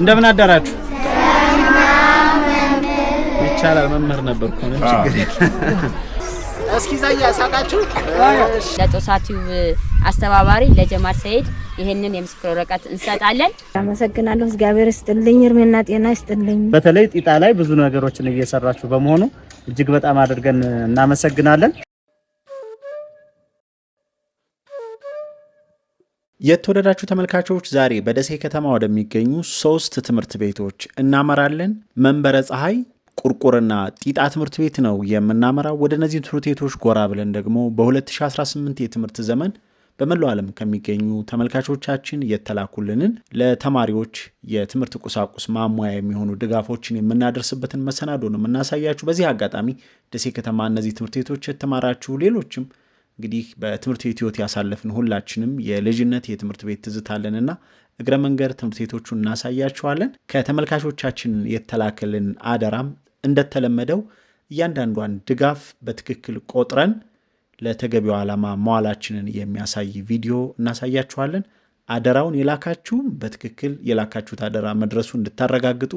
እንደምን አዳራችሁ? ይቻላል መምህር ነበርኩ። እስኪ ዛያ ሳቃችሁ። ለጦሳቲው አስተባባሪ ለጀማል ሰይድ ይህንን የምስክር ወረቀት እንሰጣለን። አመሰግናለሁ። እግዚአብሔር ይስጥልኝ፣ እድሜና ጤና ይስጥልኝ። በተለይ ጢጣ ላይ ብዙ ነገሮችን እየሰራችሁ በመሆኑ እጅግ በጣም አድርገን እናመሰግናለን። የተወደዳችሁ ተመልካቾች ዛሬ በደሴ ከተማ ወደሚገኙ ሶስት ትምህርት ቤቶች እናመራለን። መንበረ ፀሐይ፣ ቁርቁርና ጢጣ ትምህርት ቤት ነው የምናመራው። ወደ እነዚህ ትምህርት ቤቶች ጎራ ብለን ደግሞ በ2018 የትምህርት ዘመን በመላው ዓለም ከሚገኙ ተመልካቾቻችን የተላኩልንን ለተማሪዎች የትምህርት ቁሳቁስ ማሟያ የሚሆኑ ድጋፎችን የምናደርስበትን መሰናዶ ነው የምናሳያችሁ። በዚህ አጋጣሚ ደሴ ከተማ እነዚህ ትምህርት ቤቶች የተማራችሁ ሌሎችም እንግዲህ በትምህርት ቤት ህይወት ያሳለፍን ሁላችንም የልጅነት የትምህርት ቤት ትዝታለንና እግረ መንገድ ትምህርት ቤቶቹን እናሳያችኋለን። ከተመልካቾቻችን የተላከልን አደራም እንደተለመደው እያንዳንዷን ድጋፍ በትክክል ቆጥረን ለተገቢው ዓላማ መዋላችንን የሚያሳይ ቪዲዮ እናሳያችኋለን። አደራውን የላካችሁም በትክክል የላካችሁት አደራ መድረሱ እንድታረጋግጡ፣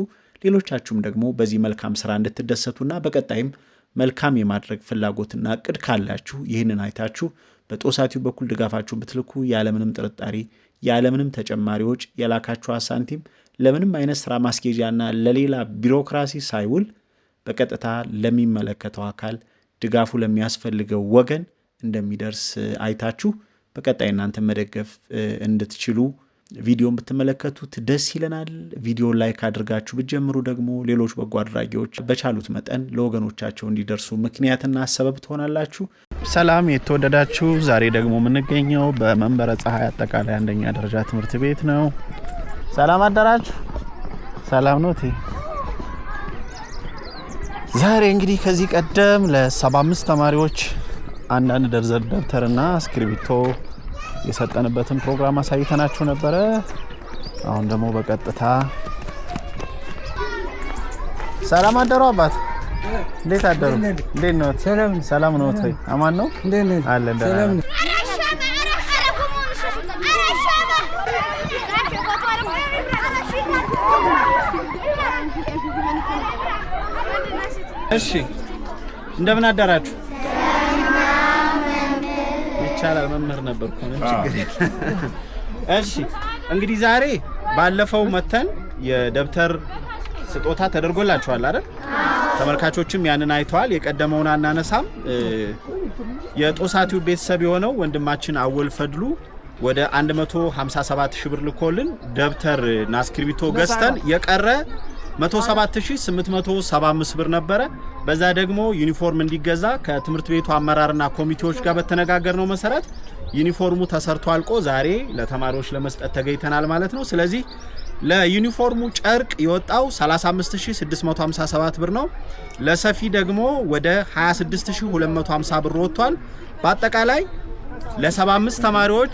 ሌሎቻችሁም ደግሞ በዚህ መልካም ስራ እንድትደሰቱና በቀጣይም መልካም የማድረግ ፍላጎትና እቅድ ካላችሁ ይህንን አይታችሁ በጦሳቲው በኩል ድጋፋችሁን ብትልኩ ያለምንም ጥርጣሬ ያለምንም ተጨማሪዎች የላካችሁ ሳንቲም ለምንም አይነት ስራ ማስኬጃና ለሌላ ቢሮክራሲ ሳይውል በቀጥታ ለሚመለከተው አካል ድጋፉ ለሚያስፈልገው ወገን እንደሚደርስ አይታችሁ በቀጣይ እናንተ መደገፍ እንድትችሉ ቪዲዮን ብትመለከቱት ደስ ይለናል። ቪዲዮ ላይክ አድርጋችሁ ብትጀምሩ ደግሞ ሌሎች በጎ አድራጊዎች በቻሉት መጠን ለወገኖቻቸው እንዲደርሱ ምክንያትና ሰበብ ትሆናላችሁ። ሰላም የተወደዳችሁ፣ ዛሬ ደግሞ የምንገኘው በመንበረ ፀሐይ አጠቃላይ አንደኛ ደረጃ ትምህርት ቤት ነው። ሰላም አደራችሁ። ሰላም ነው። ዛሬ እንግዲህ ከዚህ ቀደም ለ75 ተማሪዎች አንዳንድ ደርዘን ደብተርና እስክሪብቶ የሰጠንበትን ፕሮግራም አሳይተናችሁ ነበረ። አሁን ደግሞ በቀጥታ ሰላም አደሩ አባት፣ እንዴት አደሩ? እንዴት ነው? ሰላም ነው? ሆይ አማን ነው እንዴት ነው? አለ እንደ ሰላም እሺ እንደምን አደራችሁ? ይቻላል። መምህር ነበርኩ። ምንም ችግር የለም። እሺ እንግዲህ ዛሬ ባለፈው መተን የደብተር ስጦታ ተደርጎላችኋል አይደል? ተመልካቾችም ያንን አይተዋል። የቀደመውን አናነሳም። የጦሳቲው ቤተሰብ የሆነው ወንድማችን አወል ፈድሉ ወደ 157 ሺህ ብር ልኮልን ደብተር እና እስክሪብቶ ገዝተን የቀረ 17875 ብር ነበረ። በዛ ደግሞ ዩኒፎርም እንዲገዛ ከትምህርት ቤቱ አመራርና ኮሚቴዎች ጋር በተነጋገርነው መሰረት ዩኒፎርሙ ተሰርቶ አልቆ ዛሬ ለተማሪዎች ለመስጠት ተገኝተናል ማለት ነው። ስለዚህ ለዩኒፎርሙ ጨርቅ የወጣው 35657 ብር ነው። ለሰፊ ደግሞ ወደ 26250 ብር ወጥቷል። በአጠቃላይ ለ75 ተማሪዎች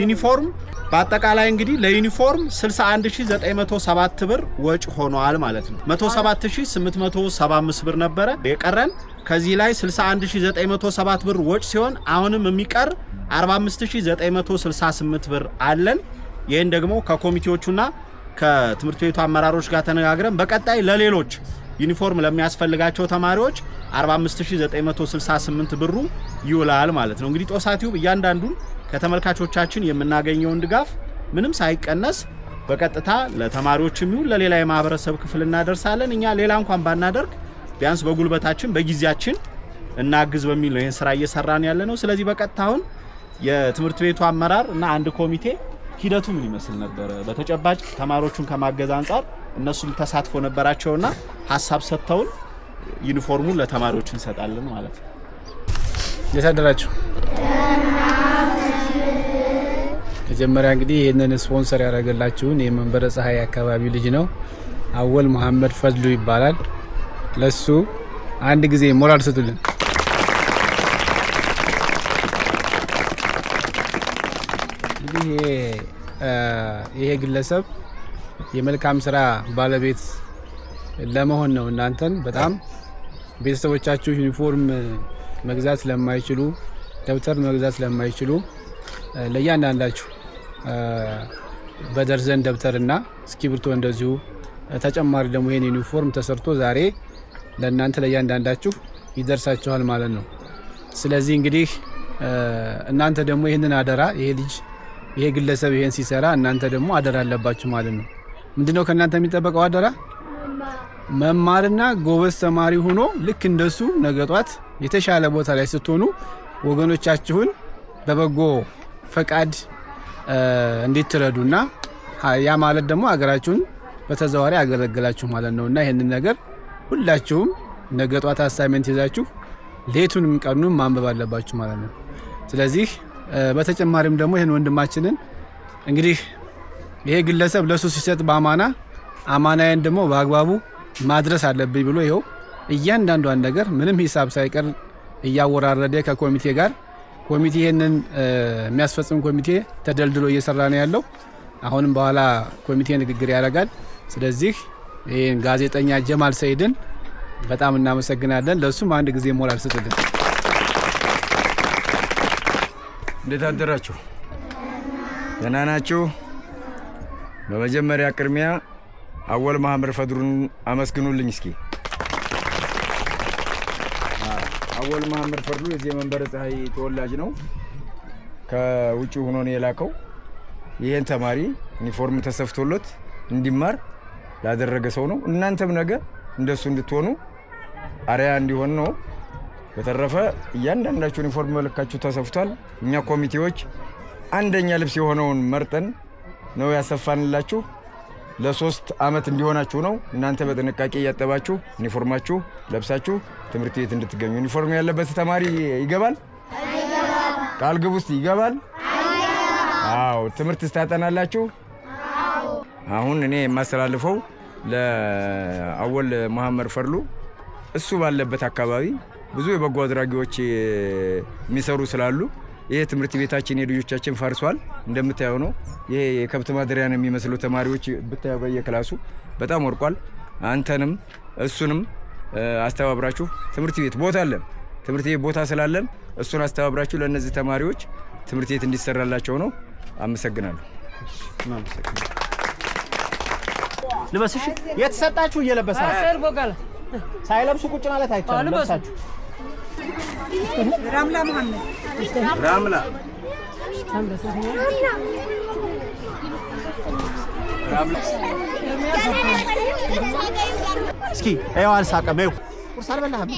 ዩኒፎርም በአጠቃላይ እንግዲህ ለዩኒፎርም 61907 ብር ወጪ ሆኗል ማለት ነው። 107875 ብር ነበረ የቀረን። ከዚህ ላይ 61907 ብር ወጪ ሲሆን አሁንም የሚቀር 45968 ብር አለን። ይህን ደግሞ ከኮሚቴዎቹና ከትምህርት ቤቱ አመራሮች ጋር ተነጋግረን በቀጣይ ለሌሎች ዩኒፎርም ለሚያስፈልጋቸው ተማሪዎች 45968 ብሩ ይውላል ማለት ነው። እንግዲህ ጦሳቲው እያንዳንዱን ከተመልካቾቻችን የምናገኘውን ድጋፍ ምንም ሳይቀነስ በቀጥታ ለተማሪዎችም ይሁን ለሌላ የማህበረሰብ ክፍል እናደርሳለን። እኛ ሌላ እንኳን ባናደርግ ቢያንስ በጉልበታችን በጊዜያችን እናግዝ በሚል ነው ይህን ስራ እየሰራን ያለ ነው። ስለዚህ በቀጥታ አሁን የትምህርት ቤቱ አመራር እና አንድ ኮሚቴ ሂደቱ ምን ይመስል ነበረ፣ በተጨባጭ ተማሪዎቹን ከማገዝ አንጻር እነሱም ተሳትፎ ነበራቸውና ሀሳብ ሰጥተውን ዩኒፎርሙን ለተማሪዎች እንሰጣለን ማለት ነው። መጀመሪያ እንግዲህ ይህንን ስፖንሰር ያደረገላችሁን የመንበረ ፀሐይ አካባቢ ልጅ ነው አወል መሀመድ ፈድሉ ይባላል። ለሱ አንድ ጊዜ ሞራል ስጡልን። እንግዲህ ይሄ ግለሰብ የመልካም ስራ ባለቤት ለመሆን ነው። እናንተን በጣም ቤተሰቦቻችሁ ዩኒፎርም መግዛት ስለማይችሉ ደብተር መግዛት ስለማይችሉ ለእያንዳንዳችሁ በደርዘን ደብተርና እስክሪብቶ እንደዚሁ ተጨማሪ ደግሞ ይህን ዩኒፎርም ተሰርቶ ዛሬ ለእናንተ ለእያንዳንዳችሁ ይደርሳችኋል ማለት ነው። ስለዚህ እንግዲህ እናንተ ደግሞ ይህንን አደራ ይሄ ልጅ ይሄ ግለሰብ ይሄን ሲሰራ እናንተ ደግሞ አደራ አለባችሁ ማለት ነው። ምንድነው ከእናንተ የሚጠበቀው አደራ? መማርና ጎበዝ ተማሪ ሆኖ ልክ እንደሱ ነገጧት የተሻለ ቦታ ላይ ስትሆኑ ወገኖቻችሁን በበጎ ፈቃድ ና ያ ማለት ደግሞ ሀገራችሁን በተዘዋሪ ያገለግላችሁ ማለት ነው እና ይህንን ነገር ሁላችሁም ነገ ጧት አሳይመንት ይዛችሁ ሌቱንም ቀኑን ማንበብ አለባችሁ ማለት ነው። ስለዚህ በተጨማሪም ደግሞ ይህን ወንድማችንን እንግዲህ ይሄ ግለሰብ ለሱ ሲሰጥ በአማና አማናዬን ደግሞ በአግባቡ ማድረስ አለብኝ ብሎ ይኸው እያንዳንዷን ነገር ምንም ሂሳብ ሳይቀር እያወራረደ ከኮሚቴ ጋር ኮሚቴ ይህንን የሚያስፈጽም ኮሚቴ ተደልድሎ እየሰራ ነው ያለው። አሁንም በኋላ ኮሚቴ ንግግር ያደርጋል። ስለዚህ ይህን ጋዜጠኛ ጀማል ሰይድን በጣም እናመሰግናለን። ለእሱም አንድ ጊዜ ሞራል ስጥልን። እንዴት አደራችሁ? ደህና ናችሁ? በመጀመሪያ ቅድሚያ አወል ማህምር ፈድሩን አመስግኑልኝ እስኪ አወል መሀመድ ፈርዱ የዚህ መንበረ ፀሐይ ተወላጅ ነው። ከውጭ ሆኖ ነው የላከው። ይህን ተማሪ ዩኒፎርም ተሰፍቶለት እንዲማር ላደረገ ሰው ነው። እናንተም ነገ እንደሱ እንድትሆኑ አሪያ እንዲሆን ነው። በተረፈ እያንዳንዳችሁ ዩኒፎርም መልካችሁ ተሰፍቷል። እኛ ኮሚቴዎች አንደኛ ልብስ የሆነውን መርጠን ነው ያሰፋንላችሁ። ለሶስት አመት እንዲሆናችሁ ነው። እናንተ በጥንቃቄ እያጠባችሁ ዩኒፎርማችሁ ለብሳችሁ ትምህርት ቤት እንድትገኙ። ዩኒፎርም ያለበት ተማሪ ይገባል። ቃል ግቡ ውስጥ ይገባል። አዎ፣ ትምህርት ስታጠናላችሁ። አሁን እኔ የማስተላልፈው ለአወል መሐመድ ፈርሉ እሱ ባለበት አካባቢ ብዙ የበጎ አድራጊዎች የሚሰሩ ስላሉ ይሄ ትምህርት ቤታችን የልጆቻችን ፈርሷል። እንደምታየው ነው። ይሄ የከብት ማደሪያ ነው የሚመስሉ ተማሪዎች ብታዩ በየክላሱ በጣም ወርቋል። አንተንም እሱንም አስተባብራችሁ ትምህርት ቤት ቦታ አለን። ትምህርት ቤት ቦታ ስላለን እሱን አስተባብራችሁ ለእነዚህ ተማሪዎች ትምህርት ቤት እንዲሰራላቸው ነው። አመሰግናለሁ። ልበስሽ የተሰጣችሁ እየለበሳችሁ ሳይለብሱ ቁጭ ማለት አይቻልም። रामला मोहम्मद रामला እስኪ ይኸው አልሳቀም። ይኸው ቁርስ አልበላህም።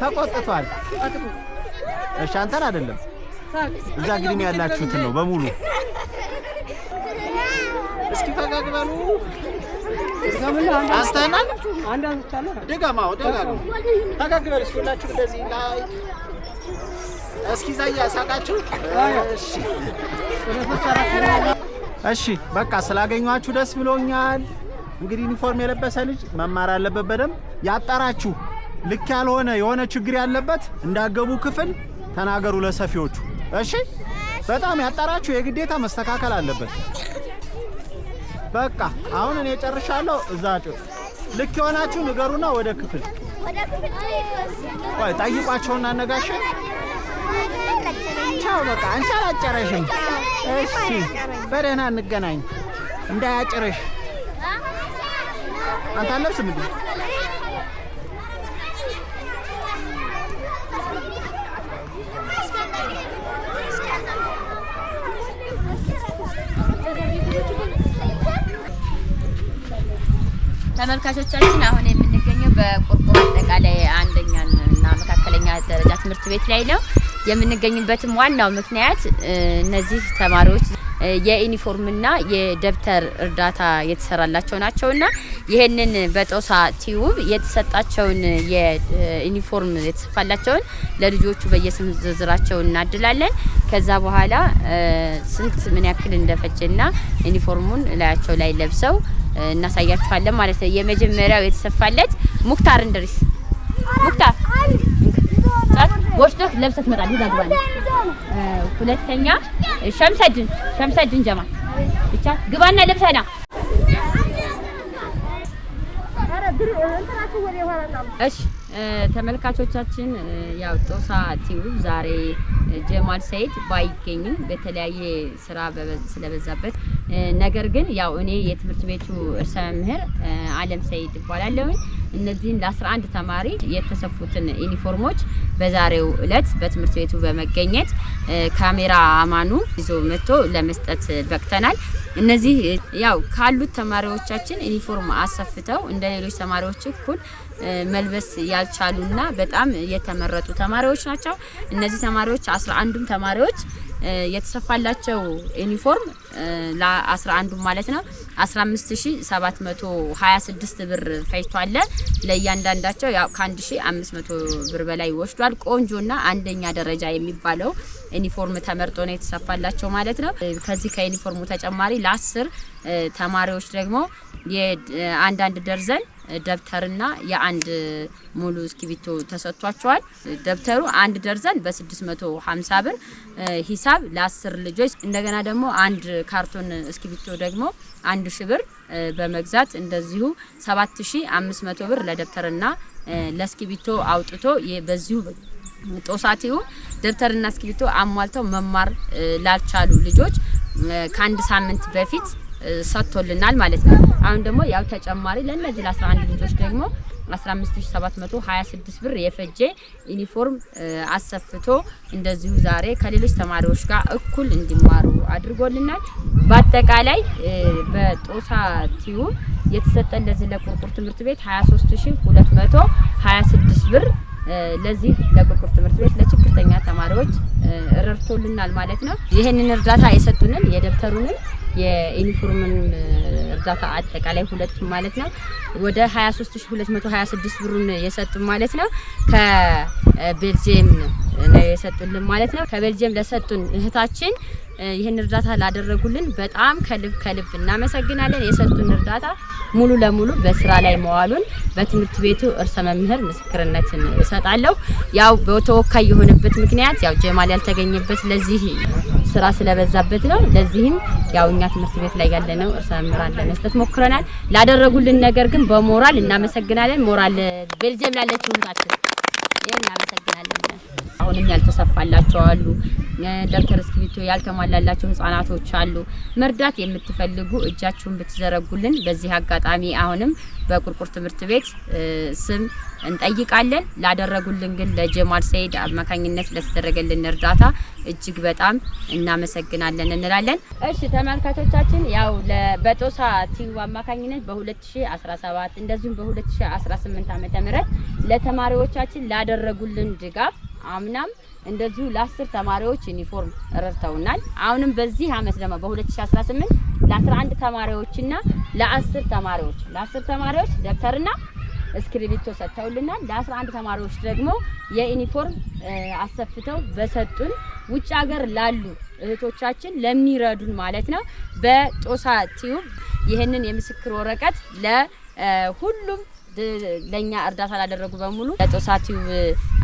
ተቆጥቷል። እሺ አንተን አይደለም። እዛ እንግዲህ ነው ያላችሁትን ነው በሙሉ እስኪ ፈጋግበሉ አንስተናል። ደጋማው ደጋ ነው። ተጋግበን እስኪ ሁላችሁ እንደዚህ ላይ እስኪ ዛያ ሳቃችሁ። እሺ በቃ ስላገኟችሁ ደስ ብሎኛል። እንግዲህ ዩኒፎርም የለበሰ ልጅ መማር አለበት በደንብ ያጠራችሁ። ልክ ያልሆነ የሆነ ችግር ያለበት እንዳገቡ ክፍል ተናገሩ ለሰፊዎቹ። እሺ በጣም ያጠራችሁ የግዴታ መስተካከል አለበት። በቃ አሁን እኔ ጨርሻለሁ። እዛ ጩ ልክ የሆናችሁ ንገሩና ወደ ክፍል ወይ ጠይቋቸውና አነጋሽ ቻው። በቃ አንቺ አላጨረሽም። እሺ በደህና እንገናኝ። እንዳያጨረሽ አንተ አለብስ ተመልካቾቻችን አሁን የምንገኘው በቆርቆሮ አጠቃላይ አንደኛ እና መካከለኛ ደረጃ ትምህርት ቤት ላይ ነው የምንገኝበትም ዋናው ምክንያት እነዚህ ተማሪዎች የዩኒፎርምና የደብተር እርዳታ የተሰራላቸው ናቸውና ይህንን በጦሳ ቲዩብ የተሰጣቸውን የዩኒፎርም የተሰፋላቸውን ለልጆቹ በየስም ዝርዝራቸው እናድላለን። ከዛ በኋላ ስንት ምን ያክል እንደፈጀና ዩኒፎርሙን ላያቸው ላይ ለብሰው እናሳያችኋለን ማለት ነው። የመጀመሪያው የተሰፋለት ሙክታር እንድሪስ ሙክታር ወስዶክ ለብሰት መጣል ይዛግባል። ሁለተኛ ሸምሰድን ሸምሰድን ጀማ ብቻ ግባና ለብሰና እሺ ተመልካቾቻችን ያው ጦሳ ቲዩብ ዛሬ ጀማል ሰይድ ባይገኝም በተለያየ ስራ ስለበዛበት ነገር ግን ያው እኔ የትምህርት ቤቱ እርሰ መምህር አለም ሰይድ እባላለሁኝ። እነዚህን ለ11 ተማሪ የተሰፉትን ዩኒፎርሞች በዛሬው እለት በትምህርት ቤቱ በመገኘት ካሜራ አማኑ ይዞ መጥቶ ለመስጠት በቅተናል። እነዚህ ያው ካሉት ተማሪዎቻችን ዩኒፎርም አሰፍተው እንደ ሌሎች ተማሪዎች እኩል መልበስ ያልቻሉና በጣም የተመረጡ ተማሪዎች ናቸው። እነዚህ ተማሪዎች 11ዱም ተማሪዎች የተሰፋላቸው ዩኒፎርም ለ11ዱ ማለት ነው 15726 ብር ፈጅቷል። ለእያንዳንዳቸው ያው ከ1500 ብር በላይ ወስዷል። ቆንጆና አንደኛ ደረጃ የሚባለው ዩኒፎርም ተመርጦ ነው የተሰፋላቸው ማለት ነው። ከዚህ ከዩኒፎርሙ ተጨማሪ ለአስር ተማሪዎች ደግሞ የአንዳንድ ደርዘን ደብተርና የአንድ ሙሉ እስክሪብቶ ተሰጥቷቸዋል። ደብተሩ አንድ ደርዘን በ650 ብር ሂሳብ ለ10 ልጆች፣ እንደገና ደግሞ አንድ ካርቶን እስክሪብቶ ደግሞ አንድ ሺ ብር በመግዛት እንደዚሁ 7500 ብር ለደብተርና ለእስክሪብቶ አውጥቶ በዚሁ ጦሳቲው ደብተርና እስክሪብቶ አሟልተው መማር ላልቻሉ ልጆች ከአንድ ሳምንት በፊት ሰጥቶልናል ማለት ነው። አሁን ደግሞ ያው ተጨማሪ ለእነዚህ ለ11 ልጆች ደግሞ 15726 ብር የፈጀ ዩኒፎርም አሰፍቶ እንደዚሁ ዛሬ ከሌሎች ተማሪዎች ጋር እኩል እንዲማሩ አድርጎልናል። በአጠቃላይ በጦሳ ቲዩ የተሰጠ እንደዚህ ለቁርቁር ትምህርት ቤት 23226 ብር ለዚህ ለቁርቁር ትምህርት ቤት ለችግርተኛ ተማሪዎች ረድቶልናል ማለት ነው። ይህንን እርዳታ የሰጡንን የደብተሩንም የዩኒፎርምን እርዳታ አጠቃላይ ሁለቱም ማለት ነው ወደ 23226 ብሩን የሰጡን ማለት ነው። ከቤልጅየም ነው የሰጡልን ማለት ነው። ከቤልጅየም ለሰጡን እህታችን ይህን እርዳታ ላደረጉልን በጣም ከልብ ከልብ እናመሰግናለን። የሰጡን እርዳታ ሙሉ ለሙሉ በስራ ላይ መዋሉን በትምህርት ቤቱ እርሰ መምህር ምስክርነትን እሰጣለሁ። ያው በተወካይ የሆነበት ምክንያት ያው ጀማል ያልተገኘበት ለዚህ ስራ ስለበዛበት ነው። ለዚህም ያው ከፍተኛ ትምህርት ቤት ላይ ያለ ነው እርሰ መምህራን ለመስጠት ሞክረናል። ላደረጉልን ነገር ግን በሞራል እናመሰግናለን። ሞራል ቤልጅየም ላለችው ሁላችን ይሄን እናመሰግናለን። አሁንም ያልተሰፋላቸው አሉ፣ ደብተር እስክሪብቶ ያልተሟላላቸው ህጻናቶች አሉ። መርዳት የምትፈልጉ እጃችሁን ብትዘረጉልን በዚህ አጋጣሚ አሁንም በቁርቁር ትምህርት ቤት ስም እንጠይቃለን። ላደረጉልን ግን ለጀማል ሰይድ አማካኝነት ለተደረገልን እርዳታ እጅግ በጣም እናመሰግናለን እንላለን። እሺ ተመልካቾቻችን ያው በጦሳ ቲዩብ አማካኝነት በ2017 እንደዚሁም በ2018 ዓመተ ምህረት ለተማሪዎቻችን ላደረጉልን ድጋፍ አምናም እንደዚሁ ለአስር ተማሪዎች ዩኒፎርም ረድተውናል። አሁንም በዚህ አመት ደግሞ በ2018 ለ11 ተማሪዎችና ለአስር ተማሪዎች ለአስር ተማሪዎች ደብተርና እስክሪብቶ ሰጥተውልናል። ለ11 ተማሪዎች ደግሞ የዩኒፎርም አሰፍተው በሰጡን ውጭ ሀገር ላሉ እህቶቻችን ለሚረዱን ማለት ነው በጦሳ ቲዩብ ይህንን የምስክር ወረቀት ለሁሉም ለኛ እርዳታ ላደረጉ በሙሉ ለጦሳ ቲዩብ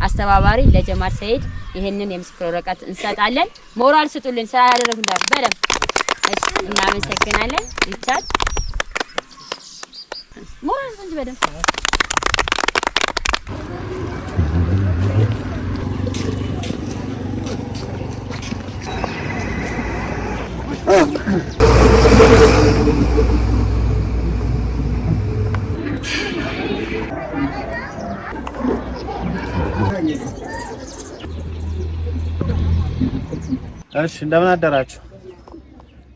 አስተባባሪ ለጀማል ሰይድ ይህንን የምስክር ወረቀት እንሰጣለን። ሞራል ስጡልን ስራ ያደረጉ እንዳ በደንብ እናመሰግናለን። ይቻል ሞራል ስጡልን በደንብ እሺ እንደምን አደራችሁ።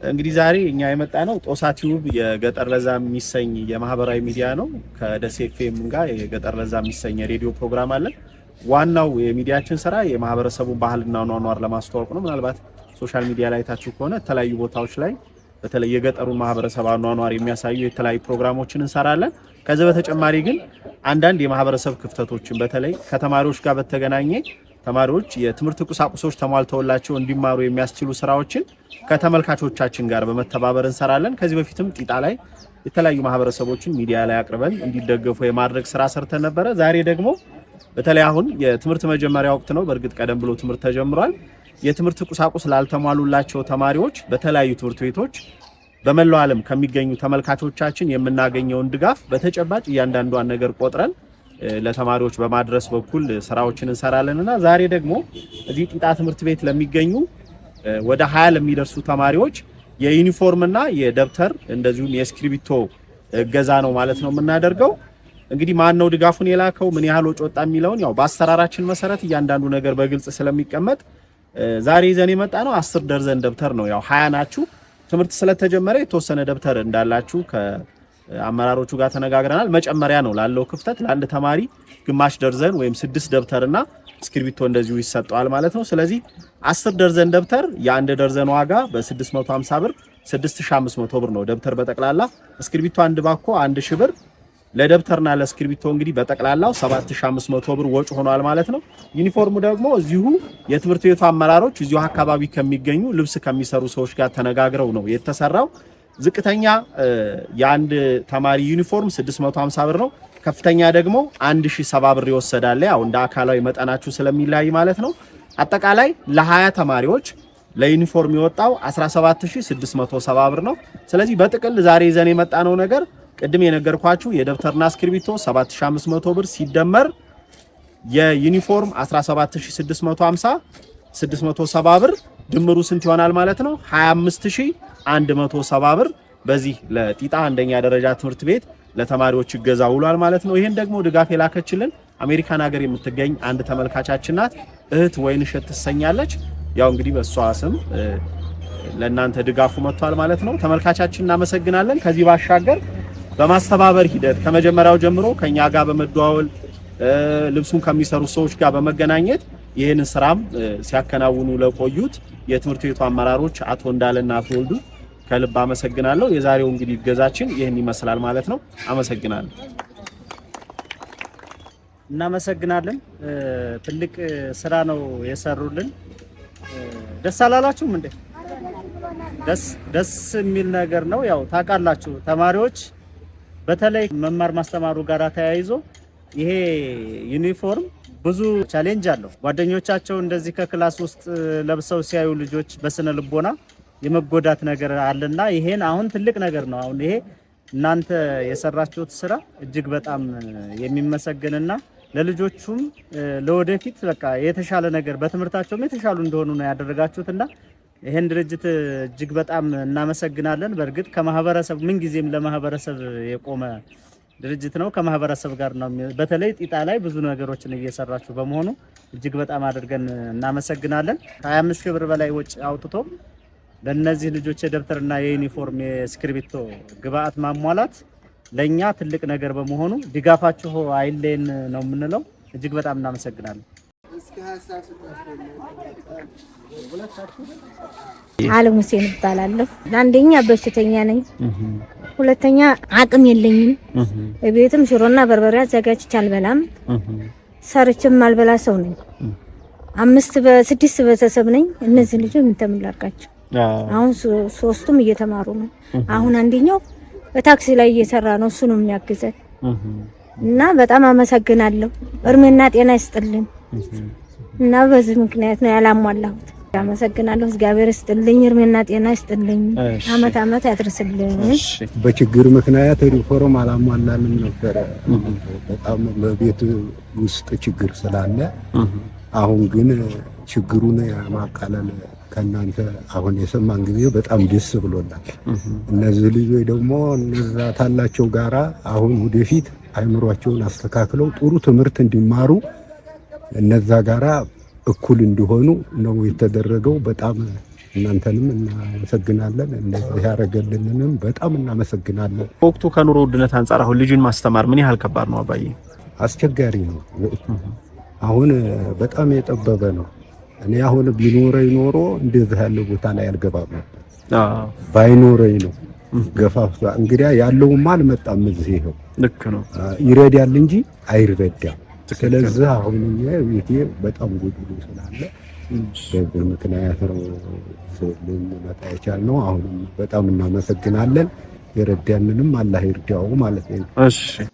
እንግዲህ ዛሬ እኛ የመጣ ነው ጦሳ ቲዩብ የገጠር ለዛ የሚሰኝ የማህበራዊ ሚዲያ ነው። ከደሴ ኤፍኤም ጋር የገጠር ለዛ የሚሰኝ የሬዲዮ ፕሮግራም አለን። ዋናው የሚዲያችን ስራ የማህበረሰቡን ባህልና ኗኗር ለማስተዋወቅ ነው። ምናልባት ሶሻል ሚዲያ ላይ ታችሁ ከሆነ የተለያዩ ቦታዎች ላይ በተለይ የገጠሩን ማህበረሰብ አኗኗር የሚያሳዩ የተለያዩ ፕሮግራሞችን እንሰራለን። ከዚህ በተጨማሪ ግን አንዳንድ የማህበረሰብ ክፍተቶችን በተለይ ከተማሪዎች ጋር በተገናኘ ተማሪዎች የትምህርት ቁሳቁሶች ተሟልተውላቸው እንዲማሩ የሚያስችሉ ስራዎችን ከተመልካቾቻችን ጋር በመተባበር እንሰራለን። ከዚህ በፊትም ጢጣ ላይ የተለያዩ ማህበረሰቦችን ሚዲያ ላይ አቅርበን እንዲደገፉ የማድረግ ስራ ሰርተን ነበረ። ዛሬ ደግሞ በተለይ አሁን የትምህርት መጀመሪያ ወቅት ነው። በእርግጥ ቀደም ብሎ ትምህርት ተጀምሯል። የትምህርት ቁሳቁስ ላልተሟሉላቸው ተማሪዎች በተለያዩ ትምህርት ቤቶች በመላው ዓለም ከሚገኙ ተመልካቾቻችን የምናገኘውን ድጋፍ በተጨባጭ እያንዳንዷን ነገር ቆጥረን ለተማሪዎች በማድረስ በኩል ስራዎችን እንሰራለን እና ዛሬ ደግሞ እዚህ ጢጣ ትምህርት ቤት ለሚገኙ ወደ ሀያ ለሚደርሱ ተማሪዎች የዩኒፎርምና የደብተር እንደዚሁም የእስክሪብቶ እገዛ ነው ማለት ነው የምናደርገው። እንግዲህ ማን ነው ድጋፉን የላከው ምን ያህል ወጪ ወጣ የሚለውን ያው በአሰራራችን መሰረት እያንዳንዱ ነገር በግልጽ ስለሚቀመጥ ዛሬ ይዘን የመጣ ነው አስር ደርዘን ደብተር ነው። ያው ሀያ ናችሁ። ትምህርት ስለተጀመረ የተወሰነ ደብተር እንዳላችሁ ከአመራሮቹ ጋር ተነጋግረናል። መጨመሪያ ነው ላለው ክፍተት ለአንድ ተማሪ ግማሽ ደርዘን ወይም ስድስት ደብተርና እስክሪብቶ እንደዚሁ ይሰጠዋል ማለት ነው። ስለዚህ አስር ደርዘን ደብተር የአንድ ደርዘን ዋጋ በ650 ብር 6500 ብር ነው ደብተር በጠቅላላ እስክሪብቶ አንድ ባኮ አንድ ሺ ብር ለደብተርና ለእስክሪብቶ እንግዲህ በጠቅላላው 7500 ብር ወጪ ሆኗል ማለት ነው። ዩኒፎርሙ ደግሞ እዚሁ የትምህርት ቤቱ አመራሮች እዚሁ አካባቢ ከሚገኙ ልብስ ከሚሰሩ ሰዎች ጋር ተነጋግረው ነው የተሰራው። ዝቅተኛ የአንድ ተማሪ ዩኒፎርም 650 ብር ነው። ከፍተኛ ደግሞ 1070 ብር ይወሰዳል። ያው እንደ አካላዊ መጠናችሁ ስለሚለያይ ማለት ነው። አጠቃላይ ለ20 ተማሪዎች ለዩኒፎርም የወጣው 17670 ብር ነው። ስለዚህ በጥቅል ዛሬ ይዘን የመጣ ነው ነገር ቅድም የነገርኳችሁ የደብተርና እስክሪብቶ 7500 ብር ሲደመር የዩኒፎርም 17650 670 ብር ድምሩ ስንት ይሆናል ማለት ነው? 25170 ብር በዚህ ለጢጣ አንደኛ ደረጃ ትምህርት ቤት ለተማሪዎች ይገዛ ውሏል ማለት ነው። ይህን ደግሞ ድጋፍ የላከችልን አሜሪካን ሀገር የምትገኝ አንድ ተመልካቻችን ናት። እህት ወይንሸት ትሰኛለች። ያው እንግዲህ በእሷ ስም ለእናንተ ድጋፉ መጥቷል ማለት ነው። ተመልካቻችን እናመሰግናለን። ከዚህ ባሻገር በማስተባበር ሂደት ከመጀመሪያው ጀምሮ ከኛ ጋር በመደዋወል ልብሱን ከሚሰሩ ሰዎች ጋር በመገናኘት ይህንን ስራም ሲያከናውኑ ለቆዩት የትምህርት ቤቱ አመራሮች አቶ እንዳለና አቶ ወልዱ ከልብ አመሰግናለሁ። የዛሬው እንግዲህ እገዛችን ይህን ይመስላል ማለት ነው። አመሰግናለሁ። እናመሰግናለን። ትልቅ ስራ ነው የሰሩልን። ደስ አላላችሁም እንዴ? ደስ ደስ የሚል ነገር ነው። ያው ታውቃላችሁ ተማሪዎች በተለይ መማር ማስተማሩ ጋር ተያይዞ ይሄ ዩኒፎርም ብዙ ቻሌንጅ አለው። ጓደኞቻቸው እንደዚህ ከክላስ ውስጥ ለብሰው ሲያዩ ልጆች በስነ ልቦና የመጎዳት ነገር አለና ይሄን አሁን ትልቅ ነገር ነው። አሁን ይሄ እናንተ የሰራችሁት ስራ እጅግ በጣም የሚመሰገንና ለልጆቹም ለወደፊት በቃ የተሻለ ነገር በትምህርታቸውም የተሻሉ እንደሆኑ ነው ያደረጋችሁትና ይህን ድርጅት እጅግ በጣም እናመሰግናለን። በእርግጥ ከማህበረሰብ ምን ጊዜም ለማህበረሰብ የቆመ ድርጅት ነው። ከማህበረሰብ ጋር ነው። በተለይ ጢጣ ላይ ብዙ ነገሮችን እየሰራችሁ በመሆኑ እጅግ በጣም አድርገን እናመሰግናለን። 25 ሺህ ብር በላይ ወጪ አውጥቶም ለእነዚህ ልጆች የደብተርና የዩኒፎርም የእስክሪብቶ ግብአት ማሟላት ለእኛ ትልቅ ነገር በመሆኑ ድጋፋችሁ አይለየን ነው የምንለው። እጅግ በጣም እናመሰግናለን። አለም ሁሴን እባላለሁ። አንደኛ በሽተኛ ነኝ፣ ሁለተኛ አቅም የለኝም። ቤትም ሽሮና በርበሬ አዘጋጅቼ አልበላም፣ ሰርችም አልበላ ሰው ነኝ። አምስት በስድስት ቤተሰብ ነኝ። እነዚህ ልጆ ምን ተምላርቃቸው? አሁን ሶስቱም እየተማሩ ነው። አሁን አንደኛው በታክሲ ላይ እየሰራ ነው፣ እሱ ነው የሚያግዘን እና በጣም አመሰግናለሁ። እርምና ጤና ይስጥልን። እና በዚህ ምክንያት ነው ያላሟላሁት። አመሰግናለሁ። እግዚአብሔር ይስጥልኝ፣ እርምና ጤና ይስጥልኝ፣ አመት አመት ያድርስልኝ። በችግር ምክንያት ሪፎርም አላሟላንም ነበረ፣ በጣም በቤት ውስጥ ችግር ስላለ አሁን ግን ችግሩን ማቃለል ከእናንተ አሁን የሰማን ጊዜ በጣም ደስ ብሎናል። እነዚህ ልጆች ደግሞ እነዛ ታላቸው ጋራ አሁን ወደፊት አይምሯቸውን አስተካክለው ጥሩ ትምህርት እንዲማሩ እነዛ ጋራ እኩል እንዲሆኑ ነው የተደረገው። በጣም እናንተንም እናመሰግናለን፣ እንደዚህ ያደረገልንንም በጣም እናመሰግናለን። ወቅቱ ከኑሮ ውድነት አንጻር አሁን ልጁን ማስተማር ምን ያህል ከባድ ነው አባዬ? አስቸጋሪ ነው። አሁን በጣም የጠበበ ነው። እኔ አሁን ቢኖረኝ ኖሮ እንደዚህ ያለ ቦታ ላይ አልገባም ነበር። ባይኖረኝ ነው ገፋፍ እንግዲያ ያለውማ አልመጣም። እዚህ ይኸው ልክ ነው ይረዳል እንጂ አይረዳም ስለዚህ አሁን እኛ ቤቴ በጣም ጎድሎ ስላለ ምክንያት ነው ልንመጣ የቻልነው። አሁንም በጣም እናመሰግናለን። የረዳንንም አላህ ይርዳው ማለት ነው።